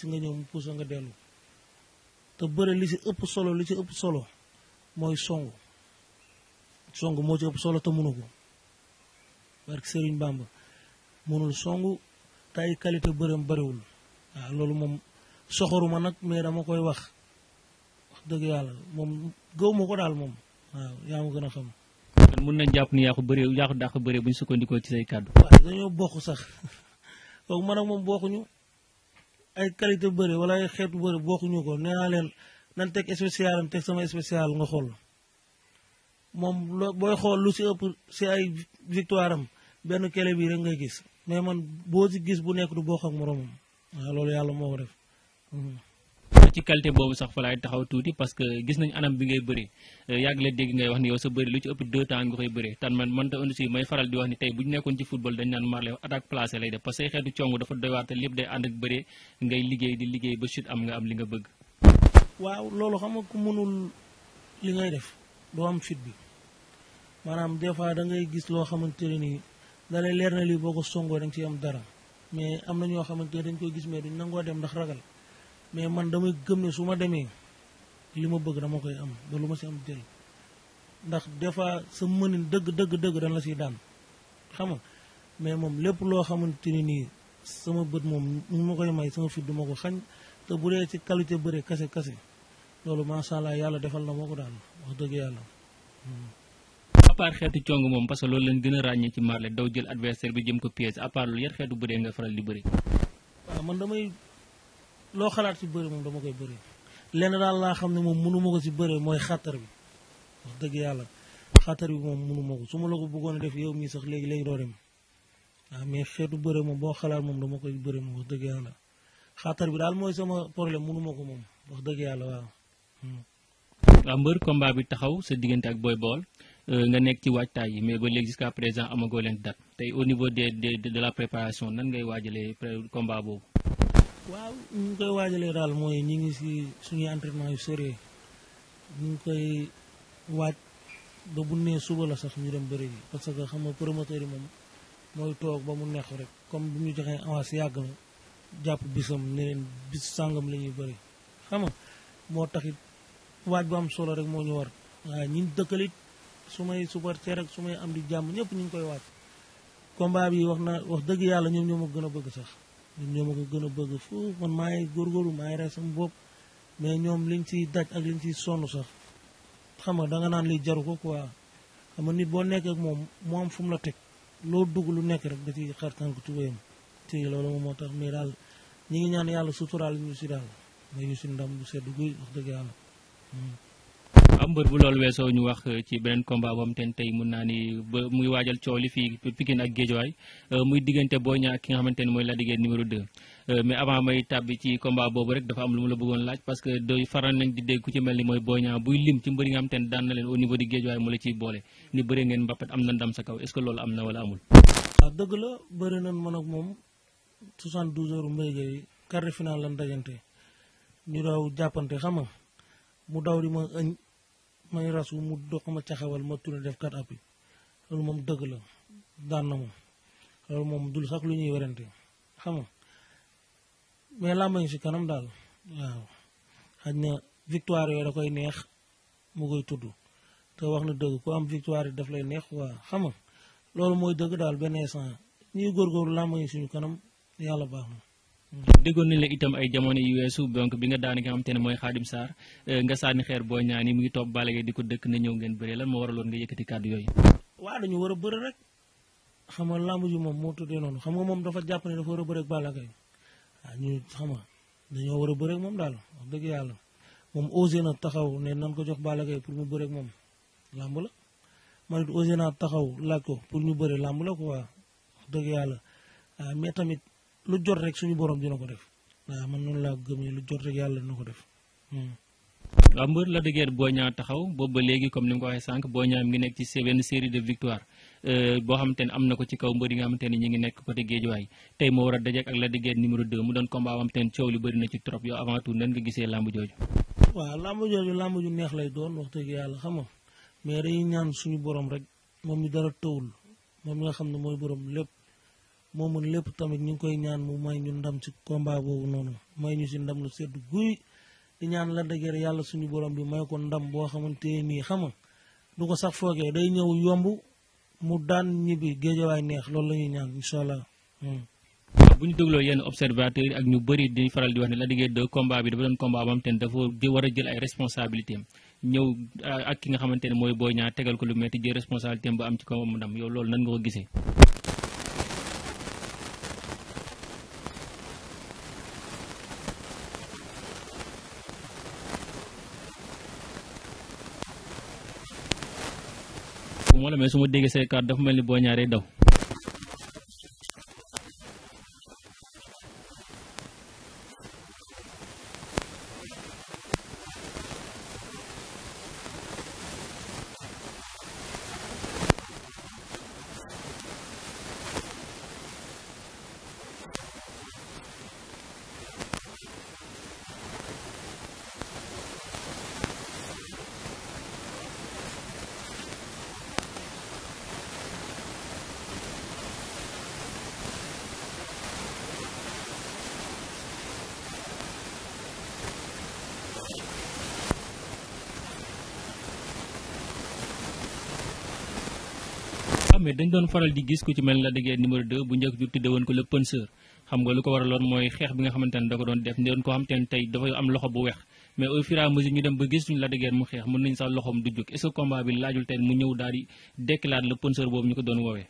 ci nga ñëw mu puusa nga delu te bëre li ci ëpp solo li ci ëpp solo moy songu songu mo ci ëpp solo te mënugo ko barke Serigne Bamba mënul songu tay qualité bëreem bariwul ah lolu mom soxoruma nak mais dama koy wax wax dëgg yalla mom gëw ma ko daal moom waaw ya mu gëna xam mën nañ japp ni yaa ko bëree yaa ko dàq bëree bu ñu ci say kaddu waaw dañoo bokk sax kooku man ak bokku ñu ay qualité bëri wala ay xeetu bëri bokkuñu ko nee naa leen nan teg spécial am teg sama spécial nga xool moom loo booy xool lu si ëpp si ay victoire am benn kele bii rek nga gis mais man boo si gis bu nekk du boo ak moromam waaw loolu yàlla moo ko ci qualité boobu sax fa laay taxaw tuuti parce que gis nañ anam bi ngay bëree euh, yàgg la dégg ngay wax ni yow sa bëri lu ci ëpp deux nga koy bëree tan man man ta aussi may faral di wax ni tey bu ñu nekkoon ci football dañ naan Marley attaque placé lay def parce que xeetu cong dafa doy lépp day ànd ak bëree ngay liggéey di liggéey ba chute am nga am li nga bëgg waaw loolu xam nga ku mënul li ngay def doo am fit bi maanaam des fois da ngay gis loo xamante ne nii da lay leer na lii boo songoo da ci am dara mais am na ñoo xamante ne gis nangoo dem ndax ragal mais man damay gëm ne su ma demee li ma bëgg dama koy am ba lu ma si am jël ndax des fois sa mënin dëgg dëgg dëgg dañ la siy daan xam nga mais moom lépp loo xamante ni nii sama bët moom mu ma koy may sama fit du ma ko xañ te bu dee ci qualité bëre kase kase loolu macha allah yàlla defal na moo ko daal wax dëgg yàlla. a hmm. part xeetu cong moom parce que loolu lañ gën a ràññee ci Marley daw jël adversaire bi jëm ko piège à part loolu yan xeetu bëree nga faral di bëri. man damay loo xalaat si bëri moom dama koy bëri lenn daal laa xam ne moom mënu ko si bëri mooy xatar bi wax dëgg yàlla xatar bi moom mënu ma ko la ko bëggoon def yow mii sax léegi léegi doo dem waaw ah, mais xeetu bëri moom boo xalaat moom dama koy bëri moom wax dëgg yàlla xatar bi daal mooy sama problème mënu ko moom wax dëgg yàlla waaw. waaw hmm. ah, mbër combat bi taxaw sa diggante ak Boy Baol euh, nga nekk ci waajtaay yi mais ba léegi jusqu'à présent amagoo leen date tey au niveau des de de la préparation nan ngay waajalee combat boobu. waaw ñu ngi koy waajalee daal mooy ñu ngi si suñuy entraînement yu sore ñu ngi koy waaj ba bu nee suba la sax ñu dem bëri yi parce que xam nga promoteur yi moom mooy toog ba mu neexu rek comme bu ñu joxee avance yàgg jàpp bisam ne la ñuy bëri xam moo taxit waaj bu am solo rek moo ñu war waaw ñi dëkkalit su may su may am di jàmm ñëpp ñu ngi koy waaj combat bi wax na wax dëgg yàlla ñoom ñoo ma gën a bëgg sax ñun ñoo ma ko gën a bëgg foofu man maa ngi góorgóorlu maa ngi rey sama bopp mais ñoom liñ ciy daj ak liñ ciy sonn sax xam nga danga naan liy jaru ko quoi xam nga nit boo nekk ak moom mu am fu mu la teg loo dugg lu nekk rek da ciy xar tànk tubéyam te loolu moom moo tax mais daal ñi ngi ñaan yàlla suturaal ñu si daal may ñu si ndam bu sedd wax dëgg yàlla hmm. am mbër bu loolu weesoo ñu wax eh, ci beneen combat boobu eh, muy diggante Boy ak ki nga xamante ni mooy Lac de Guiers numéro eh, mais avant may tàbbi ci combat boobu rek dafa am lu mu la bëggoon laaj parce que doy faral nañ di dégg ku ci mel ni mooy Boy buy lim ci mbër nga xamante ni daan na leen au niveau di Géejawaay mu la ciy boole ni bëree ngeen mbàppat am na ndam sa kaw est-ce que loolu am na wala amul. waaw dëgg la bëri nañ man ak moom 72 heures mbéy may rasu mu dox ma caxewal ma tourné def kat appi loolu moom dëgg la daan na moom loolu moom dul sax lu ñuy werante xam nga mais làmbañ si kanam daal waaw xaj na yooyu da koy neex mu koy tudd te wax na dëgg ku am victoire yi daf lay neex waa xam nga loolu mooy dëgg daal benn instant ñuy góorgóorlu làmbañ suñu kanam yàlla baax na déggoon nañ la itam ay jamono yu weesu donc bi nga daani nga xam te ne mooy Khadim Sarr eh, nga sànni xeer boo ñaan yi mu ngi topp Balla Gaye di ko dëkk na ñëw ngeen bëree lan moo waraloon nga yëkkati kàddu yooyu waaw dañu war a bëri rek xam nga lamb ji moom moo tuddee noonu xam nga moom dafa jàpp ne dafa war a bëri ak Balla Gaye waaw ñu xam dañoo war a bëri ak moom daal dëgg yàlla moom osé na taxaw ne nan ko jox Balla Gaye pour mu bëri ak moom lamb la man it osé naa taxaw laaj ko pour ñu bëri lamb la quoi wax dëgg yàlla mais tamit lu jot rek suñu borom dina ko def waaw nah, man non la gëm lu jot rek yalla nako def hmm. waaw mbër la dëggeer boo ñaa taxaw bo ba legi comme ni nga ko waxee sànq boo ñaa mi nek ci seven série de victoire euh bo ne amna ko ci kaw mbeur yi nga xamante ñi ngi nek ko côté géejuwaay way tay mo wara dajeek ak la dëggeer numéro 2 mu don combat boo ten ciow coow li bëri na ci trop yo avant tout nan nga gisee lamb jooju wa lamb jooju lamb ju neex lay doon wax dëgg yalla xam nga mais dañuy ñaan suñu borom rek mom mi dara tëwul mom nga xamne moy borom lepp moo mën lépp tamit ñu ngi koy ñaan mu may ñu ndam ci combat boobu noonu may ñu si ndam lu sedd guy di ñaan la dëgër yàlla suñu borom bi may ko ndam boo xamante nii xam nga du ko sax foogee day ñëw yomb mu daan ñibbi géejawaay neex loolu la ñuy ñaan incha allah. Hmm. bu ñu dégloo yenn observateur yi ak ñu bari di faral di wax ne la dëgër de bi dafa doon combat bam te dafa war a jël ay responsabilité ñëw ak ki nga xamante ne mooy Boy Niang tegal ko lu metti jël responsabilité ba am ci kaw ndam yow loolu nan nga ko gisee. la mais su ma déggee say kàddu dafa mel ni boo ñaaree daw. mais dañ doon faral di gis ku ci mel ni Lac de Guiers bu njëkk ñu tudde ko le penseur xam nga lu ko waraloon mooy xeex bi nga xamante da ko doon def ne doon ko xam tey dafa am loxo bu weex mais au fur et ñu dem ba gis suñu Lac de Guiers mu xeex mën nañ sax loxoom du jóg est-ce que combat bi laajul tey mu ñëw daal di déclare le penseur boobu ñu ko doon woowee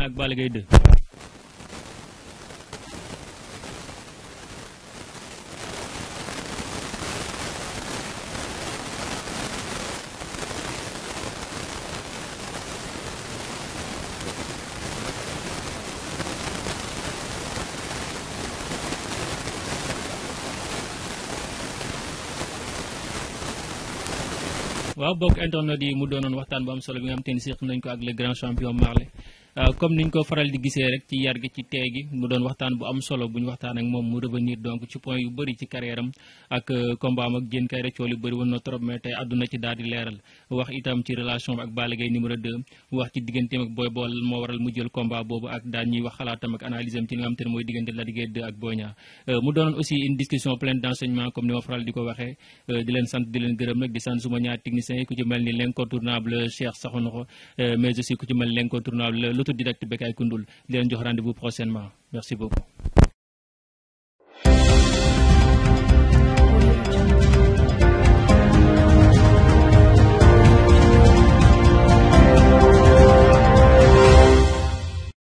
Tyson ak Balla Gaye waaw bokk internet yi mu doonoon waxtaan am solo bi nga ni ko ak le grand champion Marley Euh, comme niñ ko faral di gisee rek ci yar gi ci tey gi mu doon waxtaan bu am solo bu waxtaan ak moom mu revenir donc ci point yu bëri ci carrière ak euh, combat ak Diène Kaïré coow yu bëri woon na ak Balla Gaye numéro 2 wax ci digganteem ak Boy Baol moo waral mu jël combat boobu ak daan ñuy wax xalaatam ak analyse ci nga xam te mooy diggante Lac de ak Boy euh, mu doonoon aussi une discussion d'enseignement comme ni ma faral di ko waxee directeur direct Bekay Koundoul. Je vous rendez-vous prochainement. Merci beaucoup.